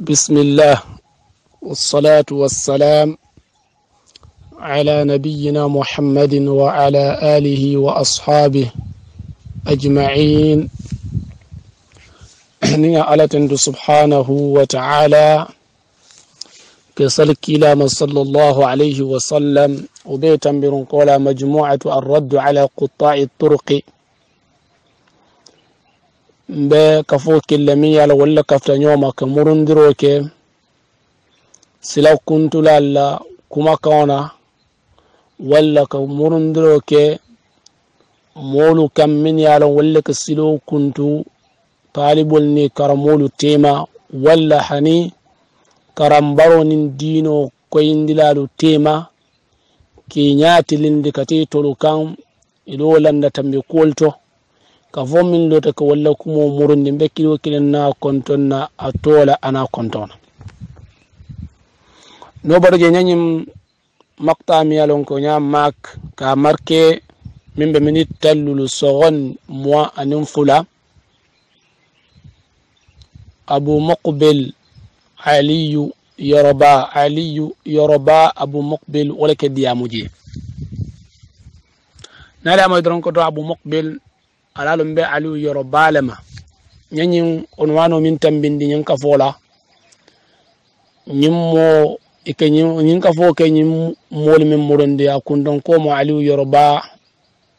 بسم الله والصلاة والسلام على نبينا محمد وعلى آله وأصحابه أجمعين نيا على تند سبحانه وتعالى كسلك إلى صلى الله عليه وسلم وبيتا برنقولا مجموعة الرد على قطاع الطرق mbe kafo kille min yala wala kafta ñoma ka murundiro ke sila kuntula la kuma kaona Wala ka murundiro ke molu kam min yala wala ka silo kuntu talibul ni karamolu tema Wala hani karambaro nin dino koyindilalu tema ki nyati kati tolu kan landa tambi kulto ka fo min do ta walla kumo murundi be kilo kilen na konton na atola ana kontona no je nyanyim makta mi yalon ko nya mak ka marke min be minit tallulu sogon moi anin fula abu muqbil aliyu yoroba aliyu yoroba abu muqbil wala ke diyamuje na da dron ko to abu muqbil alalum be alu yoro balema nyanyin onwano min tambindi nyin kafola nyin mo ike nyin kafo ke nyin mol min muronde ya kundon ko mo alu yoro ba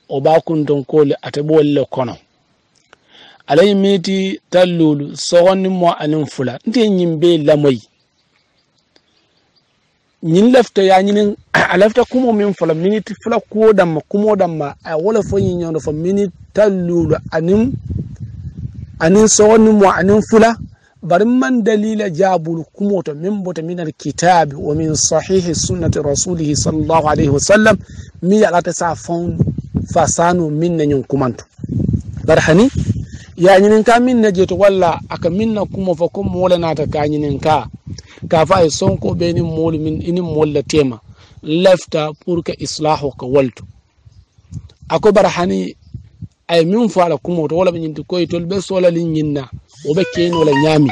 o ba kundon ko le atabo le kono alay miti tallulu sohon mo anin fula nte nyin be lamoyi ñiŋ lafta ya a a lafta kumo min fala miniti fula ko daŋ ma kumo daŋ ma a wala wo le fo ñiŋ ñoŋ fo miniti ta anin anin aniŋ sogo niŋ mo aniŋ fula bari maŋ dalila jabul kumo to min bota min alkitaabi wa min sahihi sunnati rasulih sallallahu alaihi wasallam mi ya lata sa faŋ min miŋ na ñiŋ kumantu bari hani ye a ñininka miŋ na je to walla a ka na kumo fa ko moo le naata ka a ka gafa ay e sonko be ni moolu min ini moolu la tema lefta pour que islahu ka waltu ako bara ay min fo kumo to wala nyinti koy tol be sola li nyinna o be keen wala nyami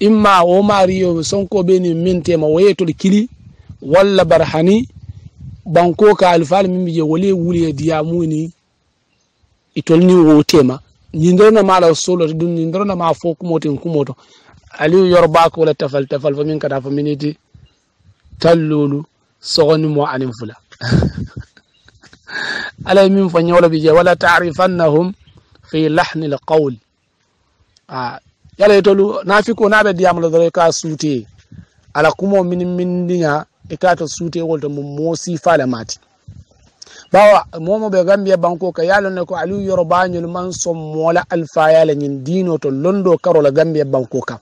imma o mariyo sonko be ni min tema o kili walla bara banko ka alfal min je wole wuli e diya muni itol ni wo tema nyindorona mala solo to nyindorona ma fo kumo ten kumo to ali yorba ko la tafal tafal fa min ka dafa miniti tallulu sogoni mo anin fula alay min fo ñawla bi je wala taarifannahum fi lahni l a yala tolu nafiko naɓe diyamla doro ka suuteye ala kumo min mindiña e kata suutewol to mo moosi fala mati bawa momo ɓe gambiya banko ka yalonne ko aliyu yorbañol man sommola alfayala ñin dino to londo karola gambiya banko kam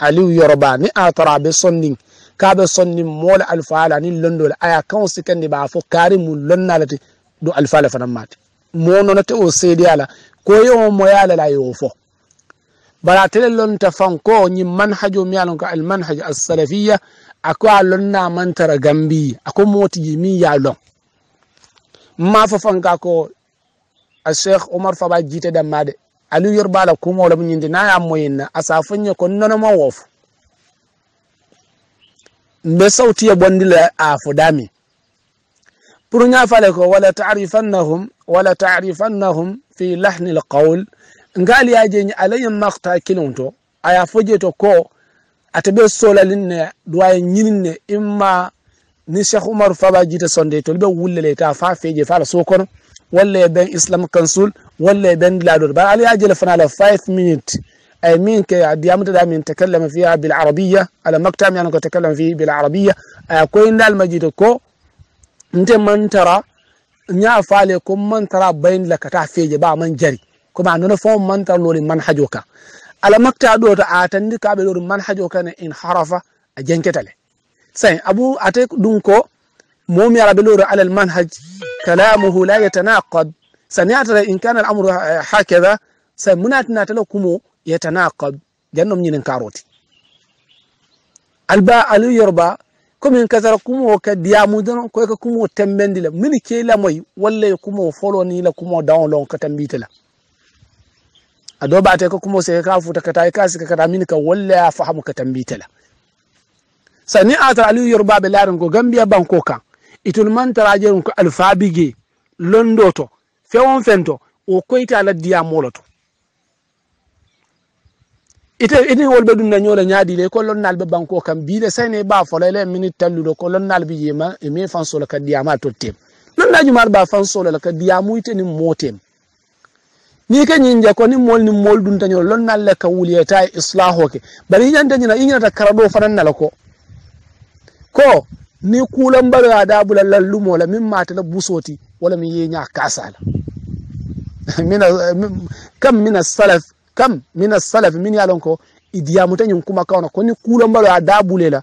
aliyu yoruba ni a tara be bɛ k'a be sɔn mola mɔɔli ni londo la aya y'a kan si kan b'a fo kaari mun lɔn na la fana ma mo mɔɔ nɔnɔ o seedeya la ko y'o mɔya la la a y'o fɔ bari a ta fan ko ni manhajo min y'a lɔn al alimanhajo asalafiya a ko a man tara gambi a ko mɔɔ yi y'a lon m'a fɔ fan k'a ko a sheikh umar faba jiite dama de alu yor bala kuma wala nyindi na ya moyinna asafanya ko nono ma wof mbe sauti ya bondila dami pour nya fale ko wala ta'rifannahum wala ta'rifannahum fi lahni alqawl ya je ni alayhim maqta kilunto aya foje to ko atabe solalin ne duwaye nyinin ne imma ni cheikh umar faba jita sonde to be wulle ta fa feje fa la sokono ولا يبان اسلام كنسول ولا يبان لادور بقى علي اجل على 5 مينيت اي مين كي ديامت دا من تكلم فيها بالعربيه على مكتب يعني تكلم فيه بالعربيه آه، كوين دال مجيد كو انت من ترى نيا فالي كم من ترى بين لك تعفيج با من جري كما انه فهم من ترى لوري حجوكا على مكتب دوت اتندي كابي لوري حجوكا ان حرف اجنكتله سين ابو اتك دونكو مومي على بلور على المنهج kalamuhu la yatanaqad sani'ata in kana al-amru hakaza samunatna talakumu yatanaqad jannom nyinen karoti alba alu yorba komin kasara kumo ka diyamu dono ko ka kumo tembendi la mini ke la moy walla kumo folo la kumo down lon ka tambita la ado ba ta ka kumo sai ka futa ka tai kasi ka kada mini ka walla ya fahamu ka tambita la sani ata alu be larin gambia banko kan itol mantarajerun ko alfaabige londo to fewon fento o koyta ala diyamolo to ite ite wol be dunna nyola nyaadi le ko lonnal be banko kam biile sayne ba fola le minute talludo ko lonnal be yema e me fan solo ka diyama to tem lonna jumal ba fan solo ka diyamu ite ni motem ni ke nyinja ko ni mol ni mol dun tanyo lonnal le ka wuliyata e islaho bari nyanta nyina inyata karado fanan nalako ko ni kulan barwa da bulan lallu mola min mata la busoti wala min yenya kasala mina kam mina salaf kam mina salaf min ya ko idiya mutanyin kuma kawana ko ni kulan barwa da bulela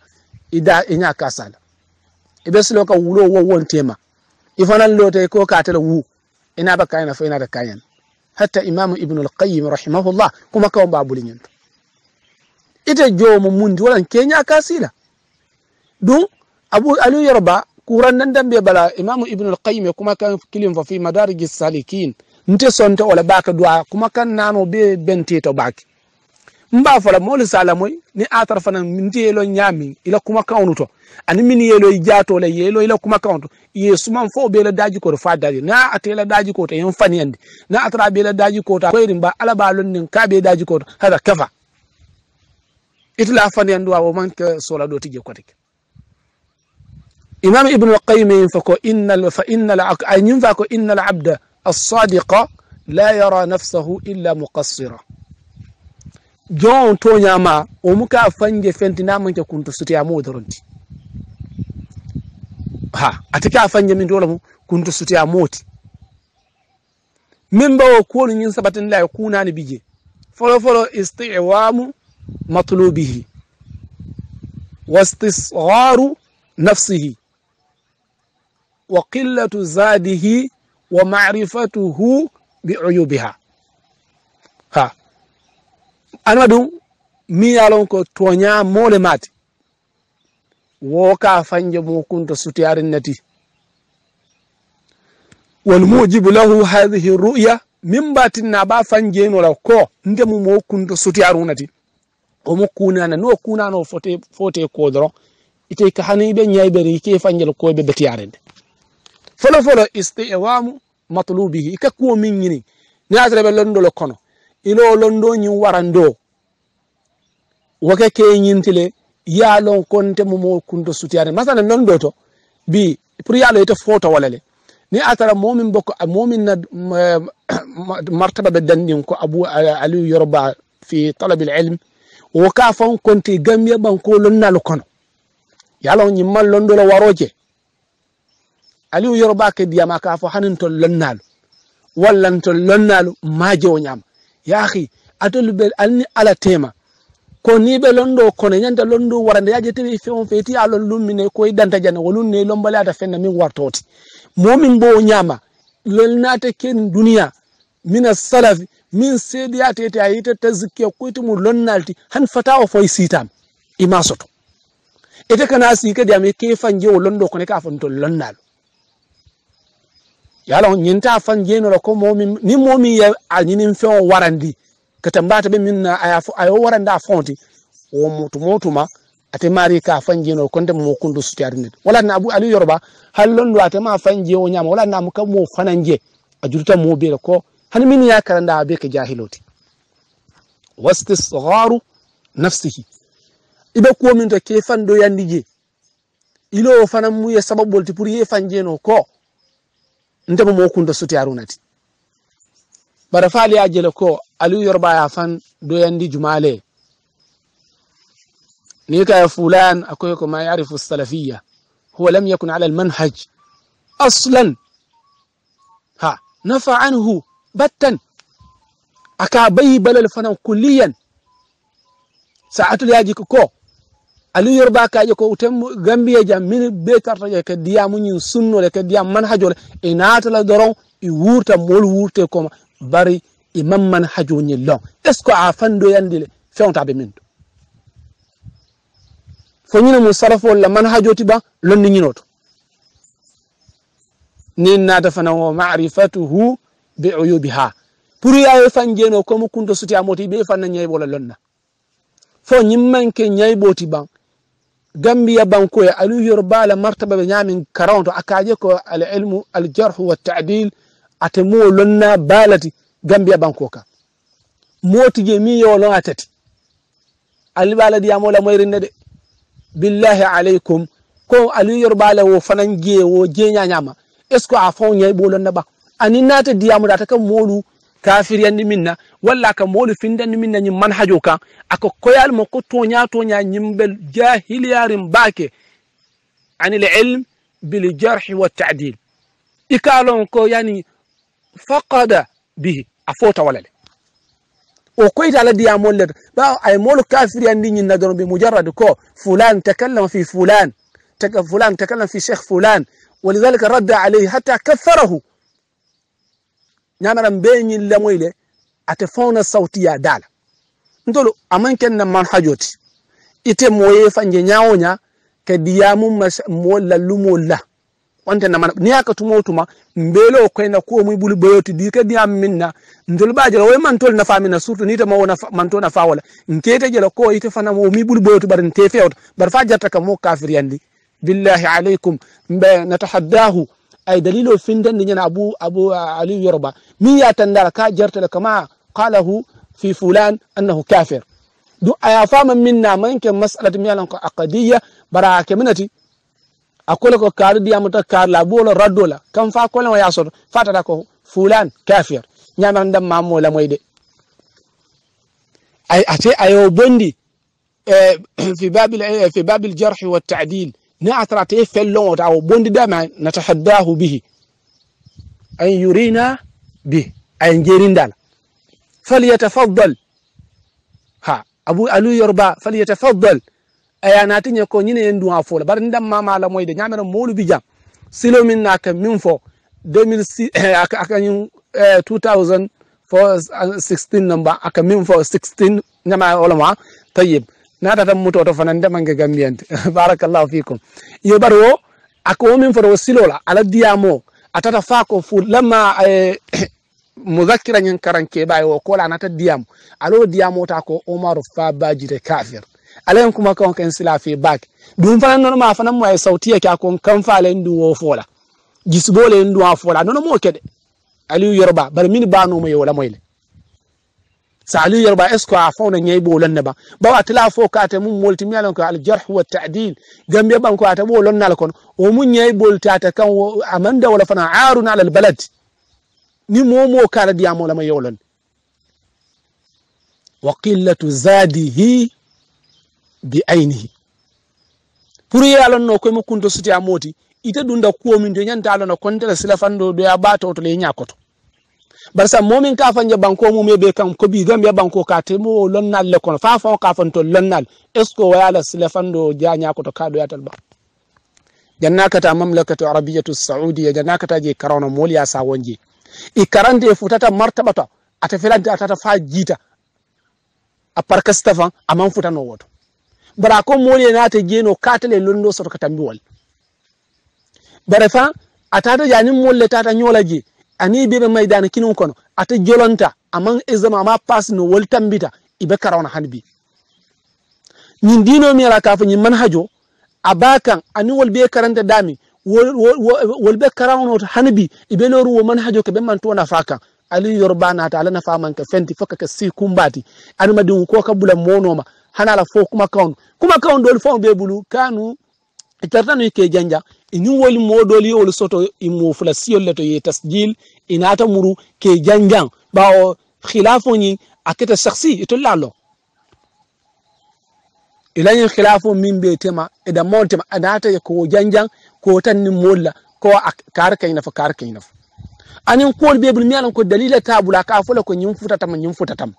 ida inya kasala ibe silo ka wulo wo won tema ifanan lote ko ka tala wu ina ba kayana fa ina da kayan hatta imamu ibnu al-qayyim rahimahullah kuma kawon ba bulin ita jomo mundi wala kenya kasila dun abu aliyu yarba kuran nan dan be bala imamu ibnu al-qayyim kuma kan kilin fa fi madarij salikin nte sonte wala baka du'a kuma kan nano be bente to baki mba fola moli salamoy ni atar fana nte yelo nyami ila kuma to ani min yelo jato le yelo ila kuma kaunuto ye suman fo be la daji ko fa daji na atela daji ko to yan fani andi na atara be la daji ko ta koyrin ba ala balon nin ka be daji ko hada kafa itla fani andu wa man ke sola do tije kotike imam ibnu qaymin fa ko innal fa innal ay ñim fa ko innal abda assadiqa la yara nafsahu illa muqassira jon toñama o muka fanje fentinamanke kunto sutiyamo doronti ha atika fanje min dola mo kunto sutiyamo ti min bawo kuwolu ñin sabatinlaye kunani bije folo folo istiwamu matlubihi wastisgaru nafsihi wa qillatu zadihi wa ma'rifatuhu bi'uyubiha ha anma ɗum yalon ko toña mole mati woka fanje mukunto sutiyarin nati walmujibu lahu hadihi ru'ya min batinna ba fanjenola ko ndemu mo kunto sutiyarunati omo kunana no kunano fote fote ko doron ite ka hani ɓe ñayɓere ke fanjel koɓe betiyarende folofolo istiwamu matlubihi ika kuwo min ñini ni a terebe londolo kono ilo londo ñin warando woke ke ñintile ya lon konte momo kunto sutiyane masala londo to bi pour yalo ite foto walale ni a tara momin bokko momin na eh, martaba ɓe dandin ko abou eh, aliou yoroba fi talabe l ilm wo ka fon konti gambiya ɓan ko lonnalo kono yalo ñimman londolo waroje aliyu yoroba ke diyama ka fo hanin to lonnalu wallan to lonnalu majewo ñama yaahi atolu ɓe alni ala tema ko ni be londo kono ñanta londo warande yaje tewi fewo feti ya lon lummine koy danta jana wolun ne lombalata fenna min wartoti momin bo ñama lolnate ken duniya mina salafi min seediyatete a yita tazkiya koyti mum lonnalti han fatawo o sitam imasoto ete kana sii kadi ami ke fanje wolondo londo kono ka fon to lonnalu yalo ñin ta fan jeno ko momi ni momi ya a fe o warandi katambata be minna aya ayo waranda fonti o mutu motuma ate mari ka fanje ko ndem mo kundu su wala na abu ali yorba hallon do ate ma je o nyama wala na kam mo fananje ajurta mo be ko han min ya karanda be ka jahiloti wastisgharu nafsihi ibe ko min to ke do yandije ilo fanan mu ye sababol ti pour ye je no ko ndema mo kunda suti arunati bara fali ya jele ko aliyu yorba ya fan di jumale ni ka ya fulan akwai ko ma ya'rifu salafiyya huwa lam yakun ala al-manhaj aslan ha nafa anhu battan aka bayi balal fanan kulliyan sa'atul yaji ko alu yorbakaji ko tem gambiye jam min be kartaje ke diyam uñin sunnole ke diyam man hajole e natala doron e wurta mol wurte koma bari e mamman hajoñin long est ce que a fando yandile fewtaɓe min to foñina mum sarafol la man hajoti ɓa londi ñinoto nin nata fana o marifatuhu be uyubi ha pour yawe fan jeno comme kunto suti amoti ɓe fanna ñayɓola lonna fo ñimmanke ñayɓoti ɓan gambiya bankoye aluyoro baala martaba ɓe ñamin karawto akaje ko al ilmu al jarhu wa tadil ate mo lonna balati gambiya banko ka motije mi yewolon lona tati ali baala diyamola moyrinne de billahi aleykum ko aluyoro baala wo fanan jeewo jeeñañama est ce que a fon ñayi ɓolonna ɓa ani naate da ta ka molu. كافر يعني منا ولا كمول فين دني منا نيمان حجوكا أكو كيال مكو تونيا تونيا نيمبل جاهل يا رمباك عن العلم بالجرح والتعديل إكالون كو يعني فقد به أفوت ولا لي وكويت على دي أمول با أي كافر يعني ندر بمجرد كو فلان تكلم في فلان تك فلان تكلم في شيخ فلان ولذلك رد عليه حتى كثره ñamara mbeñi lamoyle ate fauna sauti ya dala ntolo amanken na manhajoti ite moye fanje nyaonya ke diyamu mola lumola wante na ni aka tumo tuma mbelo ko mu bulu boyoti di ke diam minna ndul ntolo way man tol na fami na surtu ni ma mawona man tona fawala nkete jelo ko ite fana mo mi bulu boyoti bar barin fewta bar fa jatta ka mo kafir yandi billahi alaykum mbe natahaddahu أي دليل فندن نجن أبو أبو علي يربا مية تندركا جرت كما قاله في فلان أنه كافر دو أيا فاهم منا من كم مسألة ميالن عقدية برا كمنتي أقول لك كار دي أمتى كار لابولا ردولا كم فا ما يعصر فاتركه فلان كافر نعم عندما ما مولا اي أتي أيو بندي إيه، في باب في باب الجرح والتعديل ni atrate fellon ta o bondi dama na tahaddahu bihi an yurina bi ay jerindal falyatafaddal ha abu alu yorba falyatafaddal aya nati nye ko nyine ndu ha fola bar ndam mama la moyde nyamena molu bi jam silo min naka min fo 2006 aka aka 2000 for number aka min fo 16 nyama wala tayib nata tan mutoto fanan ndemange gambiyante barakallahu fikum yo ɓaɗo o ako womin foto o silola ala diyamo a ta fa ko fu lamma eh, muzakira ñin karan keɓaye o kola anata diyam alo ta ko omaru fa da kafir alayen kuma kan kan sila bak dum fana nono ma fanan moye sautiya ka ko kan fa la du wo fola jisbole ndu wa fola nono mo kede aliyu yoruba bar min bano mo yola moyle سالو يربا اسكو عفونا نيي بولن نبا بوا تلا فو كاتا مون مولتي ميالون كو الجرح والتعديل غامبيا بانكو اتا بولن نالكون ومون نيي بولتا تا كان اماندا ولا فنا عار على البلد ni momo kala diyamo lama yewlan wa qillatu zadihi bi ainihi pour yalanno koye makkunto suti ite ɗum da kuwomin to ñanta alano kontere sila ya bata to le ñakoto bar sam momin ka fanje banko me be kan ko bi gam ya banko ka te mo lonnal le kon fa fa ka fan to lonnal est ce que wayala sile janya ko to kado talba jannaka ta mamlakatu arabiyatu saudiya ta je karono moliya sa wonje i karande futata martabata ata filanta ata fa jita a parka stefan futa no woto bara ko na ta nata jeno katale londo soto katambi wal bare fa ta janin molle ta nyola je ani mai maidana kinin kono ata jolonta aman izama ma pass no wol tambita ibe karawna hanbi ñin dino mi ka fo ñin manhajo a ani wol be karanta dami wol be karawno hanbi ibe loru wo manhajo ke be man na faka ali yorbana nata ala nafa man ka fenti faka ka si kumbati ani madin ko ka monoma hanala fo kuma kaun kuma kaun dol fo be bulu kanu itartano ke janja inin woli modoli wol soto imo fula siyol leto ye tasjil inata muru ke janjan bawo khilafo ni saksi shakhsi itollalo ilayin khilafo min be tema ida montema anata ko janjan ko tan ni molla ko karka ina fa karka ina fa anin kol be bulmi alan ko dalila tabula ka fula ko nyim futatam nyim futatam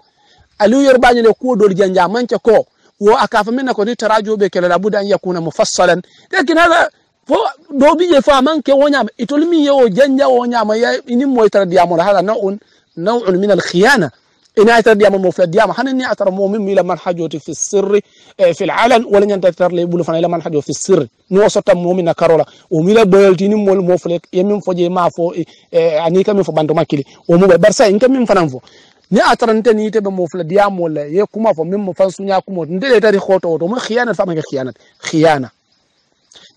aliyu yorbaño le ko dol janja manke ko وأكاف منك ودي تراجو بكلا لابد أن يكون مفصلا لكن هذا فو دوبي كي ونعم إتولمي يو جنجا ونعم إني مو ويتردي أمر هذا نوع نوع من الخيانة إن أتردي أمر مفلد ديام حنني أتر مؤمن إلى من حجوتي في السر إيه، في العلن ولن ينتظر لي بلو إلى من في السر نو سوتا مؤمن كارولا وميلا بيلتي نم مول مفلد يمين فوجي ما فو إيه، إيه، أنيكا من فبانتو ماكيلي ومو برسا إنكا فنان فو ni a taranta ni tebe mo fula diya mo la ye kuma fo min mo fan sunya kuma nde le ri khoto to mo khiyana fa ma khiyana khiyana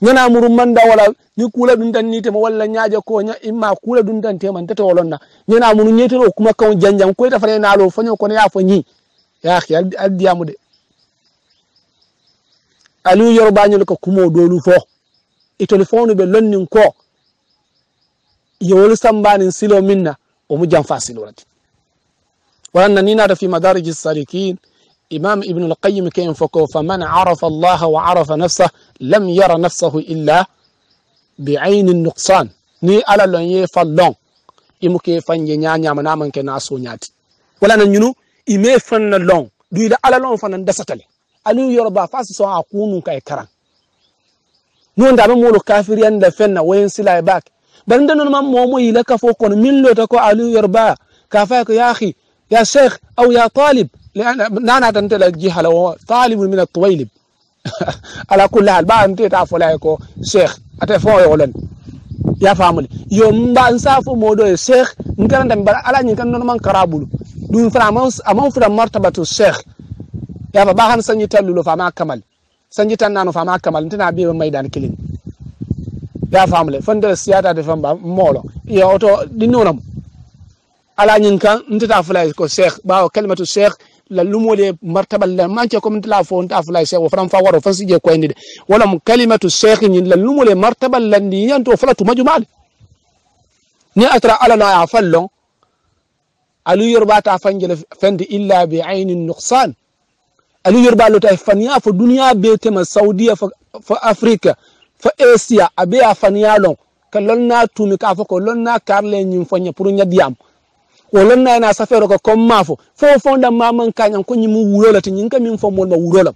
nyana muru manda wala ni kula dun dan ni tebe wala nyaaje ko nya imma kula dun man tema tata na nyana muru ro kuma kan janjam ko ta fare na lo fanyo ko ya fo nyi ya khiyal al mu de alu yorbañol ko do lu fo e fonu be lonnin ko yewol sambanin silo minna mu jam fasilo silorati waɗannan na da fi madarijis salikin imam ibn al-qayyim ke yin fako wa arafa nafsa lam yara nafsahu illa bi ainin nuqsan ni ala lon ye fallon imu ke fanye nyanya mana man ke na so nyati wala nan yunu ime fanna lon du ila ala lon fanan dasatale alu yorba fasi so kai karan non da mo lo kafiriyan da fenna wayin silai bak barin da non man mo mo ila kafo kon min lo ta ko alu yorba kafa ko يا شيخ أو يا طالب لأن نانا تنتلك جهة لو طالب من الطويلب ala kulla hal ba nte ta fola ko sheikh ate fo yo len ya famul yo mba nsa fo modo e sheikh ngara ndam bar ala nyi kan non man karabulu dun fara man amon fura martabatu sheikh ya ba han sanyi tallulo fa ma kamal sanyi tan nanu fa ma kamal ntana be maidan kilin ya famule fandar ala ñin kan nti ta fulay ko cheikh bawo kalimatu cheikh la lumole martaba la manke ko nti la fo nta fulay cheikh fam fa waro fasi je ko ndide wala mu kalimatu cheikh ñin la lumole martaba la ni ñanto fulatu majumal ni atra ala na ya fallo alu yorba ta fanjele fendi illa bi aynin nuqsan alu yorba ta fanya fo dunya be tema saudiya fo afrika fo asia abe afaniya lon ka tumi ka fo ko lonna karle ñin fo ñe pour nya diam wolon na na safero ko comme mafo fo fonda maman kanyan ko nyimu wurola ti nyinka min fo mon ma wurola